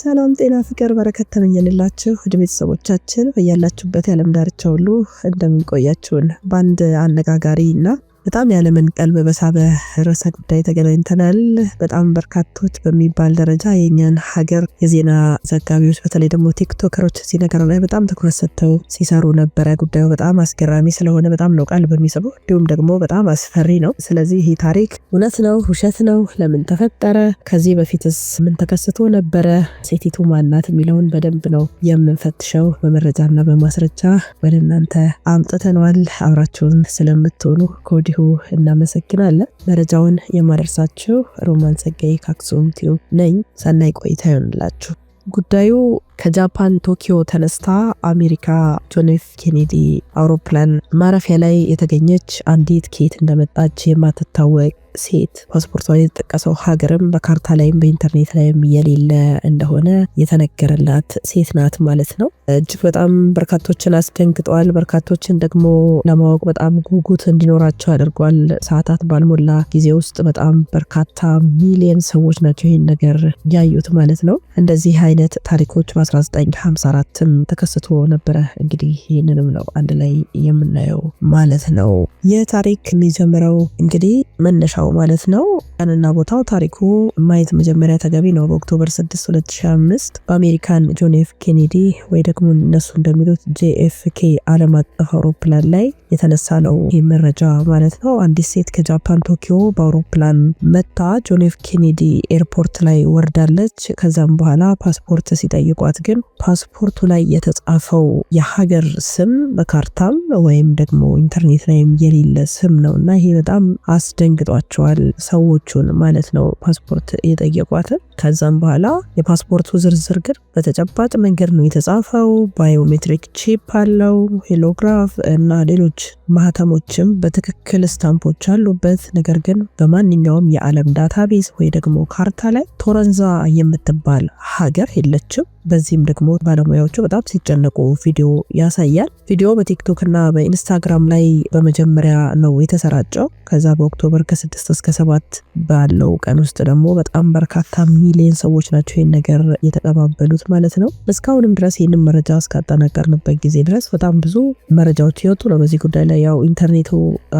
ሰላም ጤና ፍቅር በረከት ተመኘንላችሁ ውድ ቤተሰቦቻችን በያላችሁበት የዓለም ዳርቻ ሁሉ እንደምንቆያችሁን በአንድ አነጋጋሪ እና በጣም ያለምን ቀልብ በሳበ ርዕሰ ጉዳይ ተገናኝተናል። በጣም በርካቶች በሚባል ደረጃ የእኛን ሀገር የዜና ዘጋቢዎች በተለይ ደግሞ ቲክቶከሮች እዚህ ነገር ላይ በጣም ትኩረት ሰጥተው ሲሰሩ ነበረ። ጉዳዩ በጣም አስገራሚ ስለሆነ በጣም ነው ቃል በሚስበው እንዲሁም ደግሞ በጣም አስፈሪ ነው። ስለዚህ ይህ ታሪክ እውነት ነው ውሸት ነው? ለምን ተፈጠረ? ከዚህ በፊትስ ምን ተከስቶ ነበረ? ሴቲቱ ማናት የሚለውን በደንብ ነው የምንፈትሸው። በመረጃና በማስረጃ ወደ እናንተ አምጥተነዋል። አብራችሁን ስለምትሆኑ ኮዲ እንዲሁ እናመሰግናለን። መረጃውን የማደርሳችሁ ሮማን ጸጋይ ካክሱም ቲዩብ ነኝ። ሰናይ ቆይታ ይሆንላችሁ። ጉዳዩ ከጃፓን ቶኪዮ ተነስታ አሜሪካ ጆን ኤፍ ኬኔዲ አውሮፕላን ማረፊያ ላይ የተገኘች አንዲት ኬት እንደመጣች የማትታወቅ ሴት ፓስፖርቷ የተጠቀሰው ሀገርም በካርታ ላይም በኢንተርኔት ላይም የሌለ እንደሆነ የተነገረላት ሴት ናት ማለት ነው። እጅግ በጣም በርካቶችን አስደንግጠዋል። በርካቶችን ደግሞ ለማወቅ በጣም ጉጉት እንዲኖራቸው አድርጓል። ሰዓታት ባልሞላ ጊዜ ውስጥ በጣም በርካታ ሚሊየን ሰዎች ናቸው ይህን ነገር ያዩት ማለት ነው። እንደዚህ አይነት ታሪኮች በ1954ም ተከስቶ ነበረ። እንግዲህ ይህንንም ነው አንድ ላይ የምናየው ማለት ነው። ይህ ታሪክ የሚጀምረው እንግዲህ መነሻ መነሻው ማለት ነው። ቀንና ቦታው ታሪኩ ማየት መጀመሪያ ተገቢ ነው። በኦክቶበር 6 በአሜሪካን ጆን ኤፍ ኬኔዲ ወይ ደግሞ እነሱ እንደሚሉት ጄኤፍኬ ዓለም አቀፍ አውሮፕላን ላይ የተነሳ ነው ይህ መረጃ ማለት ነው። አንዲት ሴት ከጃፓን ቶኪዮ በአውሮፕላን መታ ጆን ኤፍ ኬኔዲ ኤርፖርት ላይ ወርዳለች። ከዛም በኋላ ፓስፖርት ሲጠይቋት ግን ፓስፖርቱ ላይ የተጻፈው የሀገር ስም በካርታም ወይም ደግሞ ኢንተርኔት ላይም የሌለ ስም ነው እና ይሄ በጣም አስደንግጧል ይጠይቋቸዋል። ሰዎቹን ማለት ነው ፓስፖርት የጠየቋትን። ከዛም በኋላ የፓስፖርቱ ዝርዝር ግን በተጨባጭ መንገድ ነው የተጻፈው። ባዮሜትሪክ ቺፕ አለው፣ ሄሎግራፍ እና ሌሎች ማህተሞችም በትክክል ስታምፖች አሉበት። ነገር ግን በማንኛውም የዓለም ዳታቤዝ ወይ ደግሞ ካርታ ላይ ቶረንዛ የምትባል ሀገር የለችም። በዚህም ደግሞ ባለሙያዎቹ በጣም ሲጨነቁ ቪዲዮ ያሳያል። ቪዲዮ በቲክቶክ እና በኢንስታግራም ላይ በመጀመሪያ ነው የተሰራጨው። ከዛ በኦክቶበር ከ6 እስከ ሰባት ባለው ቀን ውስጥ ደግሞ በጣም በርካታ ሚሊዮን ሰዎች ናቸው ይህን ነገር የተቀባበሉት ማለት ነው። እስካሁንም ድረስ ይህንን መረጃ እስካጠናቀርንበት ጊዜ ድረስ በጣም ብዙ መረጃዎች የወጡ ነው በዚህ ጉዳይ ላይ ያው ኢንተርኔቱ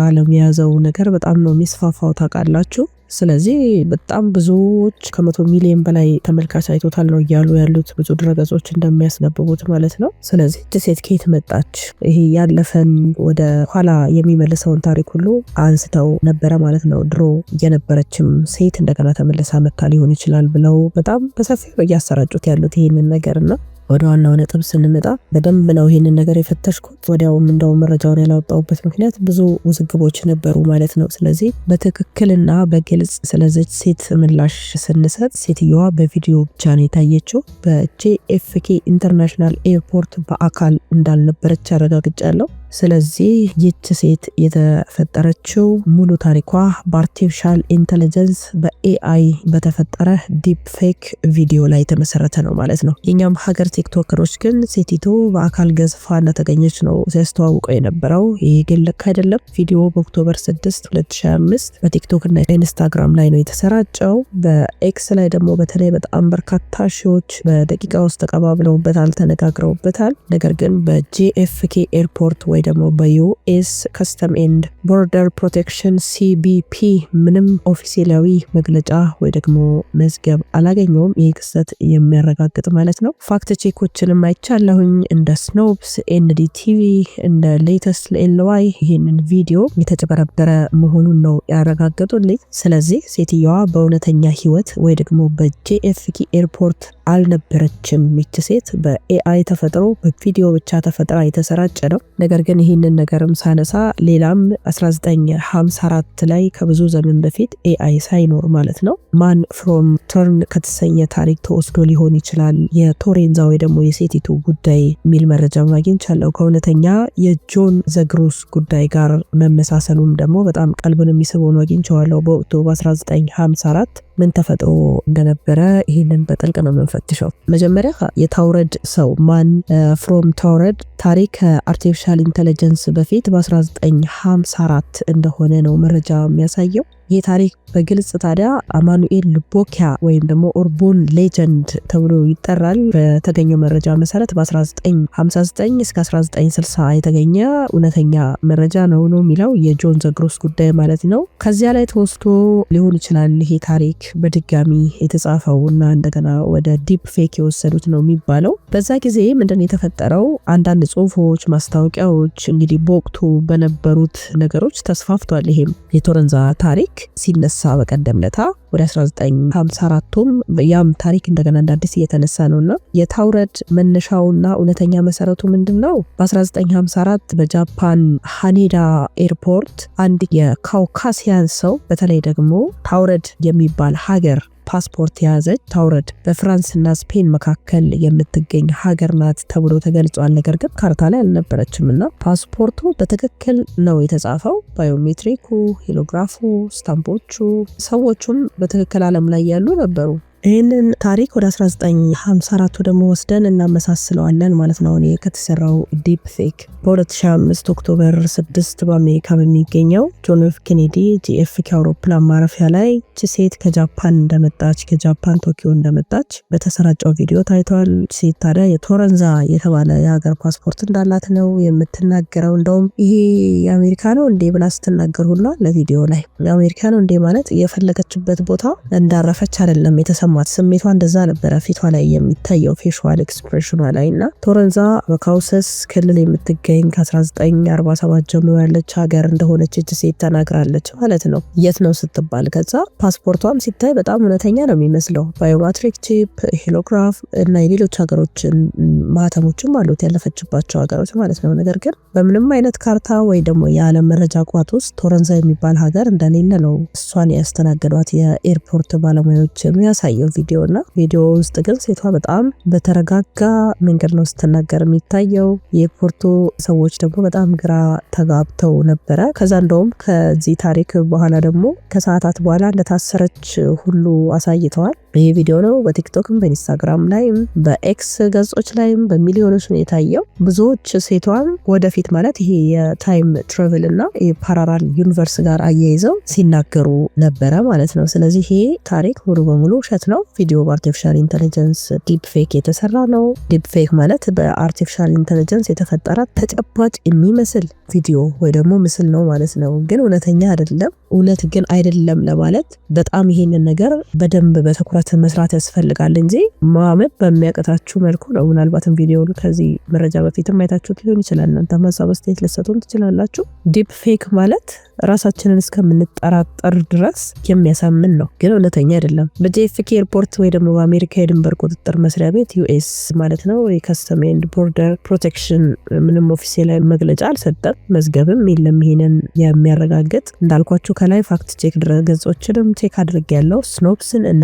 አለም የያዘው ነገር በጣም ነው የሚስፋፋው ታውቃላችሁ። ስለዚህ በጣም ብዙዎች ከመቶ ሚሊዮን በላይ ተመልካች አይቶታል ነው እያሉ ያሉት ብዙ ድረገጾች እንደሚያስነብቡት ማለት ነው። ስለዚህ እች ሴት ከየት መጣች? ይሄ ያለፈን ወደ ኋላ የሚመልሰውን ታሪክ ሁሉ አንስተው ነበረ ማለት ነው። ድሮ የነበረችም ሴት እንደገና ተመልሳ መታ ሊሆን ይችላል ብለው በጣም በሰፊው እያሰራጩት ያሉት ይህንን ነገር እና ወደ ዋናው ነጥብ ስንመጣ በደንብ ነው ይህንን ነገር የፈተሽኩት። ወዲያውም እንደው መረጃውን ያላወጣሁበት ምክንያት ብዙ ውዝግቦች ነበሩ ማለት ነው። ስለዚህ በትክክልና በግልጽ ስለዚች ሴት ምላሽ ስንሰጥ ሴትየዋ በቪዲዮ ብቻ ነው የታየችው። በጄኤፍኬ ኢንተርናሽናል ኤርፖርት በአካል እንዳልነበረች አረጋግጫለሁ። ስለዚህ ይች ሴት የተፈጠረችው ሙሉ ታሪኳ በአርቲፊሻል ኢንቴሊጀንስ በኤአይ በተፈጠረ ዲፕ ፌክ ቪዲዮ ላይ የተመሰረተ ነው ማለት ነው። የኛም ሀገር ቲክቶከሮች ግን ሴቲቱ በአካል ገዝፋ እንደተገኘች ነው ሲያስተዋውቀው የነበረው። ይህ ግን ልክ አይደለም። ቪዲዮ በኦክቶበር 6 2025 በቲክቶክ እና ኢንስታግራም ላይ ነው የተሰራጨው። በኤክስ ላይ ደግሞ በተለይ በጣም በርካታ ሺዎች በደቂቃ ውስጥ ተቀባብለውበታል፣ ተነጋግረውበታል። ነገር ግን በጂኤፍኬ ኤርፖርት ወይ ደግሞ በዩኤስ ከስተም ኤንድ ቦርደር ፕሮቴክሽን ሲቢፒ ምንም ኦፊሴላዊ መግለጫ ወይ ደግሞ መዝገብ አላገኘውም። ይህ ክስተት የሚያረጋግጥ ማለት ነው። ፋክት ቼኮችንም አይቻለሁኝ እንደ ስኖብስ፣ ኤንዲ ቲቪ፣ እንደ ሌተስት ለኤልዋይ ይህንን ቪዲዮ የተጨበረበረ መሆኑን ነው ያረጋገጡልኝ። ስለዚህ ሴትየዋ በእውነተኛ ህይወት ወይ ደግሞ በጄኤፍኪ ኤርፖርት አልነበረችም። ይች ሴት በኤአይ ተፈጥሮ በቪዲዮ ብቻ ተፈጥራ የተሰራጨ ነው ነገር ግን ይህንን ነገርም ሳነሳ ሌላም 1954 ላይ ከብዙ ዘመን በፊት ኤአይ ሳይኖር ማለት ነው ማን ፍሮም ተርን ከተሰኘ ታሪክ ተወስዶ ሊሆን ይችላል የቶሬንዛ ወይ ደግሞ የሴቲቱ ጉዳይ የሚል መረጃ ማግኝቻለሁ። ከእውነተኛ የጆን ዘግሩስ ጉዳይ ጋር መመሳሰሉም ደግሞ በጣም ቀልብን የሚስበውን አግኝቼዋለሁ። በወቅቱ በ1954 ምን ተፈጥሮ እንደነበረ ይህንን በጥልቅ ነው የምንፈትሸው። መጀመሪያ የታውረድ ሰው ማን ፍሮም ታውረድ ታሪክ ከአርቲፊሻል ኢንተለጀንስ በፊት በ1954 እንደሆነ ነው መረጃ የሚያሳየው። ይህ ታሪክ በግልጽ ታዲያ አማኑኤል ልቦኪያ ወይም ደግሞ ኦርቦን ሌጀንድ ተብሎ ይጠራል። በተገኘው መረጃ መሰረት በ1959 እስከ 1960 የተገኘ እውነተኛ መረጃ ነው ነው የሚለው የጆን ዘግሮስ ጉዳይ ማለት ነው። ከዚያ ላይ ተወስቶ ሊሆን ይችላል ይሄ ታሪክ በድጋሚ የተጻፈው እና እንደገና ወደ ዲፕ ፌክ የወሰዱት ነው የሚባለው። በዛ ጊዜ ምንድን የተፈጠረው አንዳንድ ጽሁፎች፣ ማስታወቂያዎች እንግዲህ በወቅቱ በነበሩት ነገሮች ተስፋፍቷል። ይሄም የቶረንዛ ታሪክ ሲነሳ በቀደምለታ ወደ 1954ቱም ያም ታሪክ እንደገና እንደ አዲስ እየተነሳ እና የታውረድ መነሻውና እውነተኛ መሰረቱ ምንድን ነው? በ1954 በጃፓን ሃኔዳ ኤርፖርት አንድ የካውካሲያን ሰው በተለይ ደግሞ ታውረድ የሚባል ሀገር ፓስፖርት የያዘች ታውረድ በፍራንስና ስፔን መካከል የምትገኝ ሀገር ናት ተብሎ ተገልጿል። ነገር ግን ካርታ ላይ አልነበረችም እና ፓስፖርቱ በትክክል ነው የተጻፈው። ባዮሜትሪኩ፣ ሄሎግራፉ፣ ስታምፖቹ ሰዎቹም በትክክል አለም ላይ ያሉ ነበሩ። ይህንን ታሪክ ወደ 1954 ደግሞ ወስደን እናመሳስለዋለን ማለት ነው። እኔ ከተሰራው ዲፕ ፌክ በ2005 ኦክቶበር 6 በአሜሪካ በሚገኘው ጆን ኤፍ ኬኔዲ ጂኤፍኬ አውሮፕላን ማረፊያ ላይ ሴት ከጃፓን እንደመጣች ከጃፓን ቶኪዮ እንደመጣች በተሰራጨው ቪዲዮ ታይተዋል። ሴት ታዲያ የቶረንዛ የተባለ የሀገር ፓስፖርት እንዳላት ነው የምትናገረው። እንደውም ይሄ የአሜሪካ ነው እንዴ ብላ ስትናገር ሁላ ለቪዲዮ ላይ የአሜሪካ ነው እንዴ ማለት የፈለገችበት ቦታ እንዳረፈች አይደለም የተሰ ተሰማት። ስሜቷ እንደዛ ነበረ ፊቷ ላይ የሚታየው ፌሻል ኤክስፕሬሽኗ ላይ እና ቶረንዛ በካውሰስ ክልል የምትገኝ ከ1947 ጀምሮ ያለች ሀገር እንደሆነች እች ሴት ተናግራለች ማለት ነው። የት ነው ስትባል ከዛ ፓስፖርቷም ሲታይ በጣም እውነተኛ ነው የሚመስለው። ባዮማትሪክ ቺፕ፣ ሄሎግራፍ እና የሌሎች ሀገሮችን ማህተሞችም አሉት ያለፈችባቸው ሀገሮች ማለት ነው። ነገር ግን በምንም አይነት ካርታ ወይ ደግሞ የዓለም መረጃ ቋት ውስጥ ቶረንዛ የሚባል ሀገር እንደሌለ ነው እሷን ያስተናገዷት የኤርፖርት ባለሙያዎች የሚያሳይ የሚታየው ቪዲዮ እና ቪዲዮ ውስጥ ግን ሴቷ በጣም በተረጋጋ መንገድ ነው ስትናገር የሚታየው። የፖርቶ ሰዎች ደግሞ በጣም ግራ ተጋብተው ነበረ። ከዛ እንደውም ከዚህ ታሪክ በኋላ ደግሞ ከሰዓታት በኋላ እንደታሰረች ሁሉ አሳይተዋል። ይህ ቪዲዮ ነው በቲክቶክም በኢንስታግራም ላይም በኤክስ ገጾች ላይም በሚሊዮኖች ነው የታየው። ብዙዎች ሴቷን ወደፊት ማለት ይሄ የታይም ትራቨል እና የፓራራል ዩኒቨርስ ጋር አያይዘው ሲናገሩ ነበረ ማለት ነው። ስለዚህ ይሄ ታሪክ ሙሉ በሙሉ ውሸት ነው። ቪዲዮ በአርቲፊሻል ኢንቴሊጀንስ ዲፕ ፌክ የተሰራ ነው። ዲፕ ፌክ ማለት በአርቲፊሻል ኢንቴሊጀንስ የተፈጠረ ተጨባጭ የሚመስል ቪዲዮ ወይ ደግሞ ምስል ነው ማለት ነው፣ ግን እውነተኛ አይደለም። እውነት ግን አይደለም ለማለት በጣም ይሄንን ነገር በደንብ በትኩረት መስራት ያስፈልጋል እንጂ ማመን በሚያቀታችሁ መልኩ ነው። ምናልባትም ቪዲዮውን ከዚህ መረጃ በፊትም አይታችሁ ሊሆን ይችላል። እናንተ ሀሳብ አስተያየት ልትሰጡን ትችላላችሁ። ዲፕ ፌክ ማለት ራሳችንን እስከምንጠራጠር ድረስ የሚያሳምን ነው፣ ግን እውነተኛ አይደለም። በጄኤፍኬ ኤርፖርት ወይ ደግሞ በአሜሪካ የድንበር ቁጥጥር መስሪያ ቤት ዩኤስ ማለት ነው የከስተም ኤንድ ቦርደር ፕሮቴክሽን ምንም ኦፊሴላዊ መግለጫ አልሰጠም፣ መዝገብም የለም ይሄንን የሚያረጋግጥ እንዳልኳችሁ ከላይ ፋክት ቼክ ድረ ገጾችንም ቼክ አድርግ ያለው ስኖፕስን እነ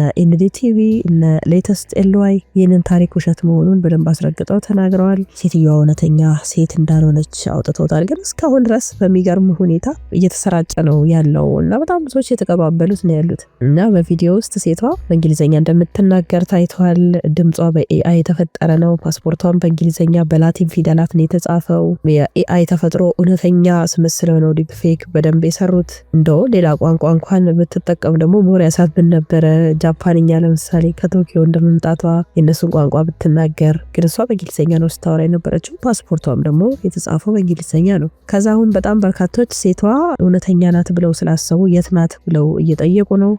ቲቪ እነ ሌተስት ኤልዋይ ይህንን ታሪክ ውሸት መሆኑን በደንብ አስረግጠው ተናግረዋል። ሴትዮዋ እውነተኛ ሴት እንዳልሆነች አውጥተውታል። ግን እስካሁን ድረስ በሚገርም ሁኔታ እየተሰራጨ ነው ያለው እና በጣም ብዙዎች የተቀባበሉት ነው ያሉት እና በቪዲዮ ውስጥ ሴቷ በእንግሊዝኛ እንደምትናገር ታይተዋል። ድምጿ በኤአይ የተፈጠረ ነው። ፓስፖርቷን በእንግሊዝኛ በላቲን ፊደላት ነው የተጻፈው። የኤአይ ተፈጥሮ እውነተኛ ስመስለው ነው ዲፕፌክ በደንብ የሰሩት እንደው ሌላ ቋንቋ እንኳን ብትጠቀም ደግሞ ሞር ሳት ብነበረ ጃፓንኛ ለምሳሌ ከቶኪዮ እንደመምጣቷ የእነሱን ቋንቋ ብትናገር፣ ግን እሷ በእንግሊዝኛ ነው ስታወራ የነበረችው። ፓስፖርቷም ደግሞ የተጻፈው በእንግሊዝኛ ነው። ከዛ አሁን በጣም በርካቶች ሴቷ እውነተኛ ናት ብለው ስላሰቡ የት ናት ብለው እየጠየቁ ነው።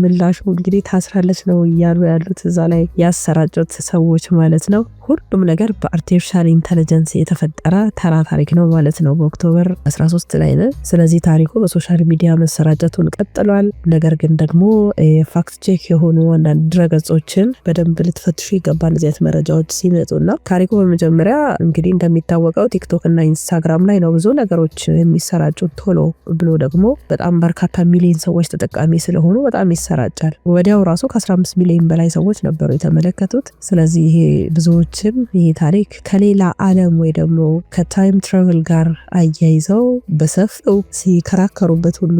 ምላሹ እንግዲህ ታስራለች ነው እያሉ ያሉት እዛ ላይ ያሰራጩት ሰዎች ማለት ነው። ሁሉም ነገር በአርቲፊሻል ኢንተለጀንስ የተፈጠረ ተራ ታሪክ ነው ማለት ነው። በኦክቶበር 13 ላይ ነው። ስለዚህ ታሪኩ በሶሻል ሚዲያ መሰራጨቱን ቀጥሏል። ነገር ግን ደግሞ ፋክት ቼክ የሆኑ አንዳንድ ድረገጾችን በደንብ ልትፈትሹ ይገባል። እዚያት መረጃዎች ሲመጡና ታሪኩ በመጀመሪያ እንግዲህ እንደሚታወቀው ቲክቶክ እና ኢንስታግራም ላይ ነው ብዙ ነገሮች የሚሰራጩት ቶሎ ብሎ ደግሞ በጣም በርካታ ሚሊዮን ሰዎች ተጠቃሚ ስለሆኑ በጣም ይሰራጫል። ወዲያው ራሱ ከ15 ሚሊዮን በላይ ሰዎች ነበሩ የተመለከቱት። ስለዚህ ይሄ ብዙዎችም ይሄ ታሪክ ከሌላ ዓለም ወይ ደግሞ ከታይም ትራቨል ጋር አያይዘው በሰፊው ሲከራከሩበት ሁሉ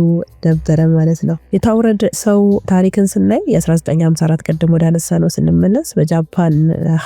ነበረ ማለት ነው። የታውረድ ሰው ታሪክን ስናይ የ1954 ቅድም ወደ አነሳ ነው ስንመለስ በጃፓን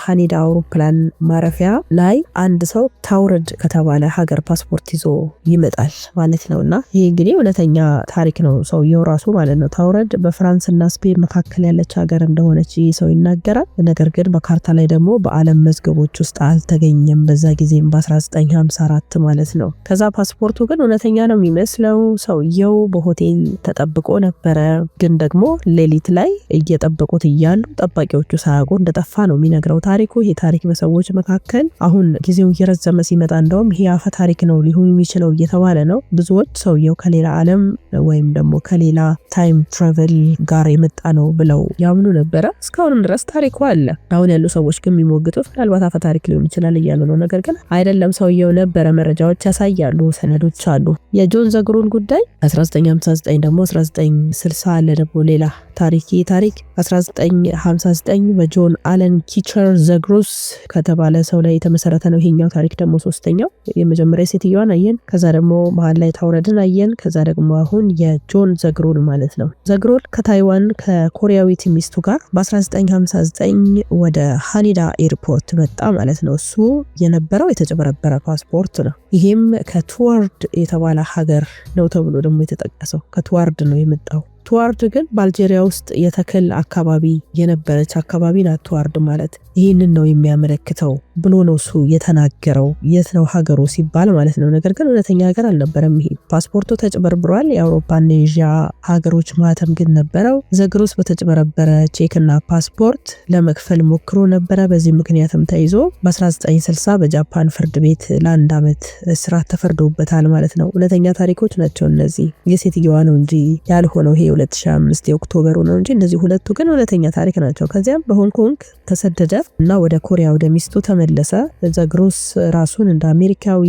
ሃኒዳ አውሮፕላን ማረፊያ ላይ አንድ ሰው ታውረድ ከተባለ ሀገር ፓስፖርት ይዞ ይመጣል ማለት ነው እና ይህ እንግዲህ እውነተኛ ታሪክ ነው ሰውየው ራሱ ማለት ነው። ታውረድ ሆላንድ በፍራንስና ስፔን መካከል ያለች ሀገር እንደሆነች ይህ ሰው ይናገራል። ነገር ግን በካርታ ላይ ደግሞ በዓለም መዝገቦች ውስጥ አልተገኘም። በዛ ጊዜም በ1954 ማለት ነው። ከዛ ፓስፖርቱ ግን እውነተኛ ነው የሚመስለው። ሰውየው በሆቴል ተጠብቆ ነበረ። ግን ደግሞ ሌሊት ላይ እየጠበቁት እያሉ ጠባቂዎቹ ሳያውቁ እንደጠፋ ነው የሚነግረው ታሪኩ። ይሄ ታሪክ በሰዎች መካከል አሁን ጊዜው እየረዘመ ሲመጣ እንደውም ይሄ አፈ ታሪክ ነው ሊሆን የሚችለው እየተባለ ነው። ብዙዎች ሰውየው ከሌላ ዓለም ወይም ደግሞ ከሌላ ታይም ትራቨል ሌቨል ጋር የመጣ ነው ብለው ያምኑ ነበረ። እስካሁንም ድረስ ታሪኩ አለ። አሁን ያሉ ሰዎች ግን የሚሞግጡት ምናልባት አፈ ታሪክ ሊሆን ይችላል እያሉ ነው። ነገር ግን አይደለም፣ ሰውየው ነበረ። መረጃዎች ያሳያሉ፣ ሰነዶች አሉ። የጆን ዘግሩን ጉዳይ 1959 ደግሞ 1960 አለ ደግሞ ሌላ ታሪክ። ታሪክ 1959 በጆን አለን ኪቸር ዘግሩስ ከተባለ ሰው ላይ የተመሰረተ ነው። ይሄኛው ታሪክ ደግሞ ሶስተኛው። የመጀመሪያ ሴትዮዋን አየን፣ ከዛ ደግሞ መሀል ላይ ታውረድን አየን፣ ከዛ ደግሞ አሁን የጆን ዘግሩን ማለት ነው። ዘግሩ ክሮል ከታይዋን ከኮሪያዊት ሚስቱ ጋር በ1959 ወደ ሃኒዳ ኤርፖርት መጣ ማለት ነው። እሱ የነበረው የተጨበረበረ ፓስፖርት ነው። ይሄም ከቱዋርድ የተባለ ሀገር ነው ተብሎ ደግሞ የተጠቀሰው ከቱዋርድ ነው የመጣው ቱዋርድ ግን በአልጄሪያ ውስጥ የተክል አካባቢ የነበረች አካባቢ ናት። ቱዋርድ ማለት ይህንን ነው የሚያመለክተው ብሎ ነው እሱ የተናገረው። የት ነው ሀገሩ ሲባል ማለት ነው። ነገር ግን እውነተኛ ሀገር አልነበረም። ይሄ ፓስፖርቱ ተጭበርብሯል። የአውሮፓና ኤዥያ ሀገሮች ማተም ግን ነበረው። ዘግሮስ በተጭበረበረ ቼክና ፓስፖርት ለመክፈል ሞክሮ ነበረ። በዚህ ምክንያትም ተይዞ በ1960 በጃፓን ፍርድ ቤት ለአንድ ዓመት እስራት ተፈርዶበታል ማለት ነው። እውነተኛ ታሪኮች ናቸው እነዚህ። የሴትየዋ ነው እንጂ ያልሆነው ይሄ የ2005 የኦክቶበሩ ነው እንጂ እነዚህ ሁለቱ ግን እውነተኛ ታሪክ ናቸው። ከዚያም በሆንኮንግ ተሰደደ እና ወደ ኮሪያ ወደ ሚስቱ ተመለሰ። እዛ ግሮስ ራሱን እንደ አሜሪካዊ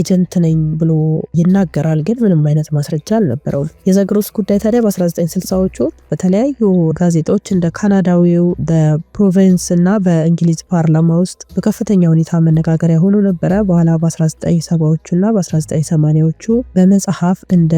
ኤጀንት ነኝ ብሎ ይናገራል፣ ግን ምንም አይነት ማስረጃ አልነበረውም። የዘግሮስ ጉዳይ ታዲያ በ1960ዎቹ በተለያዩ ጋዜጦች እንደ ካናዳዊው በፕሮቬንስ እና በእንግሊዝ ፓርላማ ውስጥ በከፍተኛ ሁኔታ መነጋገሪያ ሆኖ ነበረ። በኋላ በ1970ዎቹ እና በ1980ዎቹ በመጽሐፍ እንደ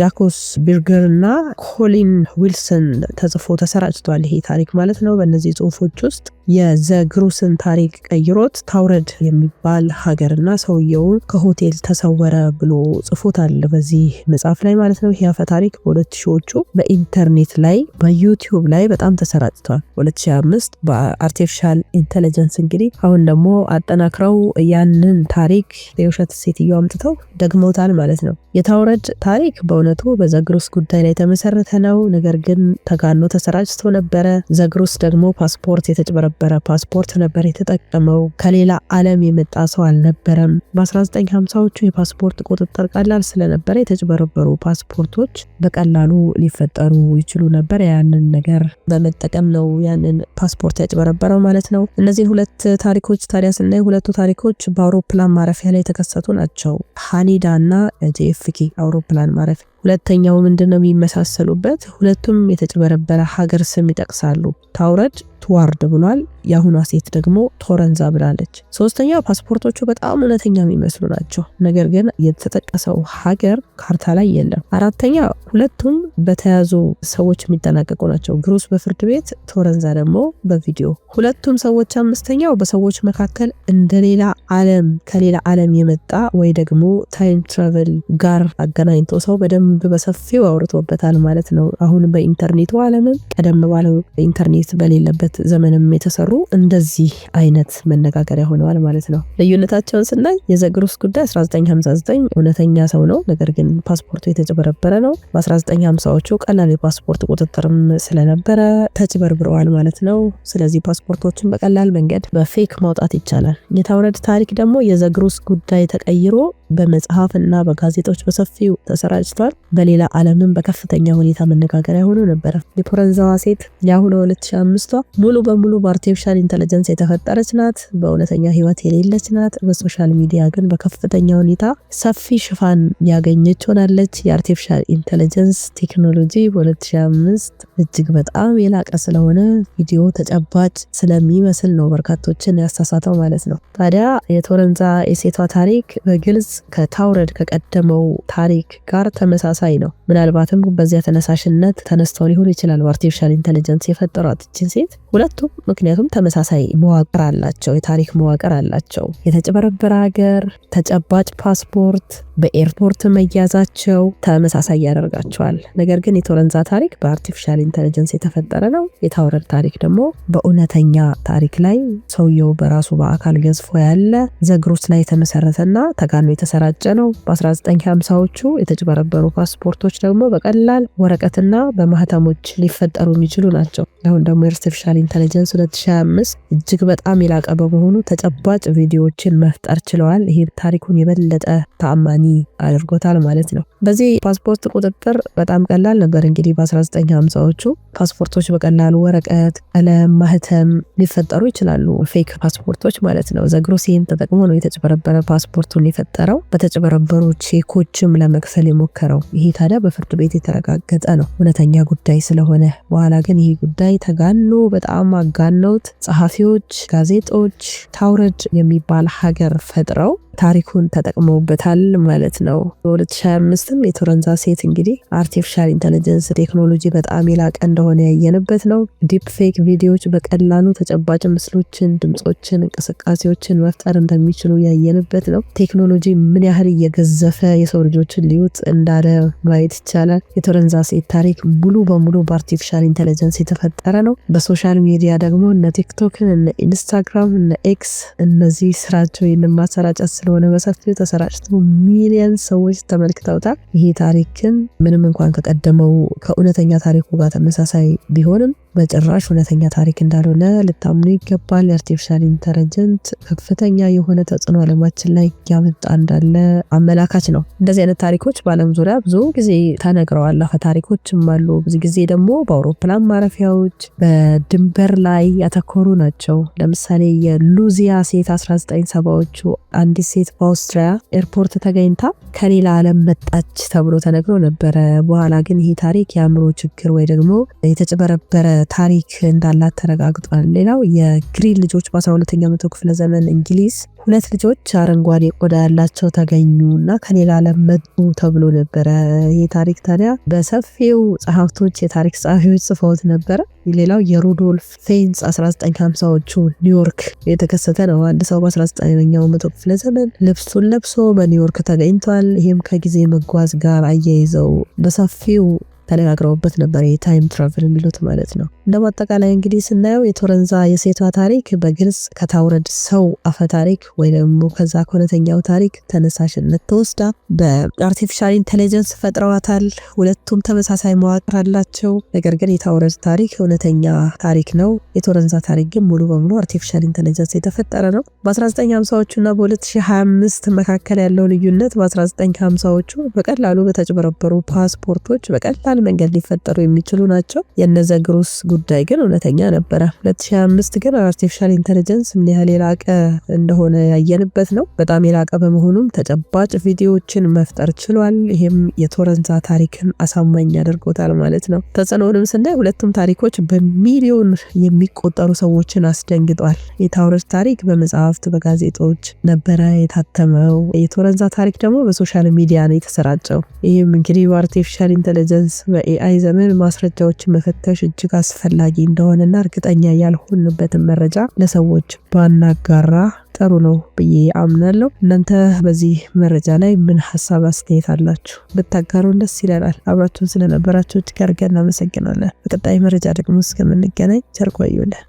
ጃኮስ ቢርገር እና ኮሊን ዊልሰን ተጽፎ ተሰራጭቷል። ይሄ ታሪክ ማለት ነው። በእነዚህ ጽሁፎች ውስጥ የዘግሩስን ታሪክ ቀይሮት ታውረድ የሚባል ሀገርና ሰውየው ከሆቴል ተሰወረ ብሎ ጽፎታል። በዚህ መጽሐፍ ላይ ማለት ነው። ይህ አፈ ታሪክ በሁለት ሺዎቹ በኢንተርኔት ላይ በዩቲዩብ ላይ በጣም ተሰራጭቷል። 2005 በአርቲፊሻል ኢንቴሊጀንስ እንግዲህ አሁን ደግሞ አጠናክረው ያንን ታሪክ የውሸት ሴትዮ አምጥተው ደግመውታል ማለት ነው። የታውረድ ታሪክ በእውነቱ በዘግሩስ ጉዳይ ላይ ተመ የተመሰረተ ነው። ነገር ግን ተጋኖ ተሰራጭቶ ነበረ። ዘግሩስ ደግሞ ፓስፖርት የተጭበረበረ ፓስፖርት ነበር የተጠቀመው። ከሌላ ዓለም የመጣ ሰው አልነበረም። በ1950ዎቹ የፓስፖርት ቁጥጥር ቀላል ስለነበረ የተጭበረበሩ ፓስፖርቶች በቀላሉ ሊፈጠሩ ይችሉ ነበር። ያንን ነገር በመጠቀም ነው ያንን ፓስፖርት ያጭበረበረው ማለት ነው። እነዚህ ሁለት ታሪኮች ታዲያ ስናይ ሁለቱ ታሪኮች በአውሮፕላን ማረፊያ ላይ የተከሰቱ ናቸው። ሃኒዳ እና ጄፍኪ አውሮፕላን ማረፊያ ሁለተኛው ምንድን ነው የሚመሳሰሉበት? ሁለቱም የተጭበረበረ ሀገር ስም ይጠቅሳሉ። ታውረድ ቱዋርድ ብሏል። የአሁኗ ሴት ደግሞ ቶረንዛ ብላለች። ሶስተኛው ፓስፖርቶቹ በጣም እውነተኛ የሚመስሉ ናቸው፣ ነገር ግን የተጠቀሰው ሀገር ካርታ ላይ የለም። አራተኛ ሁለቱም በተያዙ ሰዎች የሚጠናቀቁ ናቸው፣ ግሩስ በፍርድ ቤት፣ ቶረንዛ ደግሞ በቪዲዮ ሁለቱም ሰዎች። አምስተኛው በሰዎች መካከል እንደሌላ አለም ዓለም ከሌላ ዓለም የመጣ ወይ ደግሞ ታይም ትራቨል ጋር አገናኝቶ ሰው በደንብ በሰፊው አውርቶበታል ማለት ነው። አሁን በኢንተርኔቱ ዓለምም ቀደም ባለው ኢንተርኔት በሌለበት በስደት ዘመንም የተሰሩ እንደዚህ አይነት መነጋገሪያ ሆነዋል ማለት ነው። ልዩነታቸውን ስናይ የዘግሩስ ጉዳይ 1959 እውነተኛ ሰው ነው፣ ነገር ግን ፓስፖርቱ የተጭበረበረ ነው። በ1950ዎቹ ቀላል የፓስፖርት ቁጥጥርም ስለነበረ ተጭበርብረዋል ማለት ነው። ስለዚህ ፓስፖርቶችን በቀላል መንገድ በፌክ ማውጣት ይቻላል። የታውረድ ታሪክ ደግሞ የዘግሩስ ጉዳይ ተቀይሮ በመጽሐፍና በጋዜጦች በሰፊው ተሰራጭቷል። በሌላ ዓለምም በከፍተኛ ሁኔታ መነጋገሪያ ሆኖ ነበረ። የፖረንዛዋ ሴት የአሁኑ 2005ቷ ሙሉ በሙሉ በአርቲፊሻል ኢንተለጀንስ የተፈጠረች ናት። በእውነተኛ ህይወት የሌለች ናት። በሶሻል ሚዲያ ግን በከፍተኛ ሁኔታ ሰፊ ሽፋን ያገኘች ሆናለች። የአርቲፊሻል ኢንተለጀንስ ቴክኖሎጂ በ2005 እጅግ በጣም የላቀ ስለሆነ ቪዲዮ ተጨባጭ ስለሚመስል ነው በርካቶችን ያሳሳተው ማለት ነው። ታዲያ የቶረንዛ የሴቷ ታሪክ በግልጽ ከታውረድ ከቀደመው ታሪክ ጋር ተመሳሳይ ነው። ምናልባትም በዚያ ተነሳሽነት ተነስተው ሊሆን ይችላል በአርቲፊሻል ኢንቴሊጀንስ የፈጠሯት ይችን ሴት። ሁለቱም ምክንያቱም ተመሳሳይ መዋቅር አላቸው፣ የታሪክ መዋቅር አላቸው። የተጭበረበረ ሀገር፣ ተጨባጭ ፓስፖርት፣ በኤርፖርት መያዛቸው ተመሳሳይ ያደርጋቸዋል። ነገር ግን የቶለንዛ ታሪክ በአርቲፊሻል ኢንተለጀንስ የተፈጠረ ነው። የታውረድ ታሪክ ደግሞ በእውነተኛ ታሪክ ላይ ሰውየው በራሱ በአካል ገዝፎ ያለ ዘግሮስ ላይ የተመሰረተና ተጋኖ የተሰራጨ ነው። በ1950ዎቹ የተጭበረበሩ ፓስፖርቶች ደግሞ በቀላል ወረቀትና በማህተሞች ሊፈጠሩ የሚችሉ ናቸው። አሁን ደግሞ የአርቲፊሻል ኢንቴሊጀንስ 2025 እጅግ በጣም የላቀ በመሆኑ ተጨባጭ ቪዲዮዎችን መፍጠር ችለዋል። ይሄ ታሪኩን የበለጠ ተአማኒ አድርጎታል ማለት ነው። በዚህ ፓስፖርት ቁጥጥር በጣም ቀላል ነበር። እንግዲህ በ1950ዎቹ ፓስፖርቶች በቀላሉ ወረቀት፣ ቀለም፣ ማህተም ሊፈጠሩ ይችላሉ። ፌክ ፓስፖርቶች ማለት ነው። ዘግሮሴን ተጠቅሞ ነው የተጭበረበረ ፓስፖርቱን የፈጠረው፣ በተጭበረበሩ ቼኮችም ለመክፈል የሞከረው። ይሄ ታዲያ በፍርድ ቤት የተረጋገጠ ነው እውነተኛ ጉዳይ ስለሆነ በኋላ ግን ይሄ ጉዳይ ተጋሎ በጣም አጋለውት ጸሐፊዎች፣ ጋዜጦች ታውረድ የሚባል ሀገር ፈጥረው ታሪኩን ተጠቅመውበታል ማለት ነው። በ2025ም የቶረንዛ ሴት እንግዲህ አርቲፊሻል ኢንተለጀንስ ቴክኖሎጂ በጣም የላቀ እንደሆነ ያየንበት ነው። ዲፕ ፌክ ቪዲዮዎች በቀላሉ ተጨባጭ ምስሎችን፣ ድምፆችን፣ እንቅስቃሴዎችን መፍጠር እንደሚችሉ ያየንበት ነው። ቴክኖሎጂ ምን ያህል እየገዘፈ የሰው ልጆችን ሊውጥ እንዳለ ማየት ይቻላል። የቶረንዛ ሴት ታሪክ ሙሉ በሙሉ በአርቲፊሻል ኢንተለጀንስ የተፈጠረ ነው። በሶሻል ሚዲያ ደግሞ እነ ቲክቶክን፣ እነ ኢንስታግራም፣ እነ ኤክስ እነዚህ ስራቸው የማሰራጨት ስለሆነ በሰፊው ተሰራጭቶ ሚሊየን ሰዎች ተመልክተውታል። ይሄ ታሪክን ምንም እንኳን ከቀደመው ከእውነተኛ ታሪኩ ጋር ተመሳሳይ ቢሆንም በጭራሽ እውነተኛ ታሪክ እንዳልሆነ ልታምኑ ይገባል። የአርቲፊሻል ኢንተለጀንት ከፍተኛ የሆነ ተጽዕኖ አለማችን ላይ ያመጣ እንዳለ አመላካች ነው። እንደዚህ አይነት ታሪኮች በዓለም ዙሪያ ብዙ ጊዜ ተነግረዋል። አፈ ታሪኮችም አሉ። ብዙ ጊዜ ደግሞ በአውሮፕላን ማረፊያዎች፣ በድንበር ላይ ያተኮሩ ናቸው። ለምሳሌ የሉዚያ ሴት 1970ዎቹ አንዲት ሴት በአውስትሪያ ኤርፖርት ተገኝታ ከሌላ ዓለም መጣች ተብሎ ተነግሮ ነበረ። በኋላ ግን ይህ ታሪክ የአእምሮ ችግር ወይ ደግሞ የተጭበረበረ ታሪክ እንዳላት ተረጋግጧል። ሌላው የግሪን ልጆች በ12ኛው መቶ ክፍለ ዘመን እንግሊዝ ሁለት ልጆች አረንጓዴ ቆዳ ያላቸው ተገኙ እና ከሌላ ዓለም መጡ ተብሎ ነበረ። ይህ ታሪክ ታዲያ በሰፊው ጸሐፍቶች፣ የታሪክ ጸሐፊዎች ጽፈውት ነበረ። ሌላው የሮዶልፍ ፌንስ 1950ዎቹ ኒውዮርክ የተከሰተ ነው። አንድ ሰው በ19ኛው መቶ ክፍለ ዘመን ልብሱን ለብሶ በኒውዮርክ ተገኝቷል። ይህም ከጊዜ መጓዝ ጋር አያይዘው በሰፊው ተነጋግረውበት ነበር። የታይም ትራቨል የሚሉት ማለት ነው። እንደ ማጠቃላይ እንግዲህ ስናየው የቶረንዛ የሴቷ ታሪክ በግልጽ ከታውረድ ሰው አፈ ታሪክ ወይ ደግሞ ከዛ ከእውነተኛው ታሪክ ተነሳሽነት ተወስዳ በአርቲፊሻል ኢንቴሊጀንስ ፈጥረዋታል። ሁለቱም ተመሳሳይ መዋቅር አላቸው። ነገር ግን የታውረድ ታሪክ እውነተኛ ታሪክ ነው። የቶረንዛ ታሪክ ግን ሙሉ በሙሉ አርቲፊሻል ኢንቴሊጀንስ የተፈጠረ ነው። በ1950ዎቹ እና በ2025 መካከል ያለው ልዩነት በ1950ዎቹ በቀላሉ በተጭበረበሩ ፓስፖርቶች በቀላል መንገድ ሊፈጠሩ የሚችሉ ናቸው። የነዘግሩስ ጉዳይ ግን እውነተኛ ነበረ። 2025 ግን አርቲፊሻል ኢንተለጀንስ ምን ያህል የላቀ እንደሆነ ያየንበት ነው። በጣም የላቀ በመሆኑም ተጨባጭ ቪዲዮዎችን መፍጠር ችሏል። ይሄም የቶረንዛ ታሪክን አሳማኝ ያደርጎታል ማለት ነው። ተጽዕኖውንም ስናይ ሁለቱም ታሪኮች በሚሊዮን የሚቆጠሩ ሰዎችን አስደንግጧል። የታውረድ ታሪክ በመጽሐፍት በጋዜጦች ነበረ የታተመው። የቶረንዛ ታሪክ ደግሞ በሶሻል ሚዲያ ነው የተሰራጨው። ይህም እንግዲህ በአርቲፊሻል ኢንቴሊጀንስ በኤአይ ዘመን ማስረጃዎችን መፈተሽ እጅግ አስፈ አስፈላጊ እንደሆነና እርግጠኛ ያልሆንበትን መረጃ ለሰዎች ባናጋራ ጥሩ ነው ብዬ አምናለሁ። እናንተ በዚህ መረጃ ላይ ምን ሀሳብ አስተያየት አላችሁ? ብታጋሩን ደስ ይለናል። አብራችሁን ስለነበራችሁ እጅግ አድርገን እናመሰግናለን። በቀጣይ መረጃ ደግሞ እስከምንገናኝ ቸር ቆዩልን።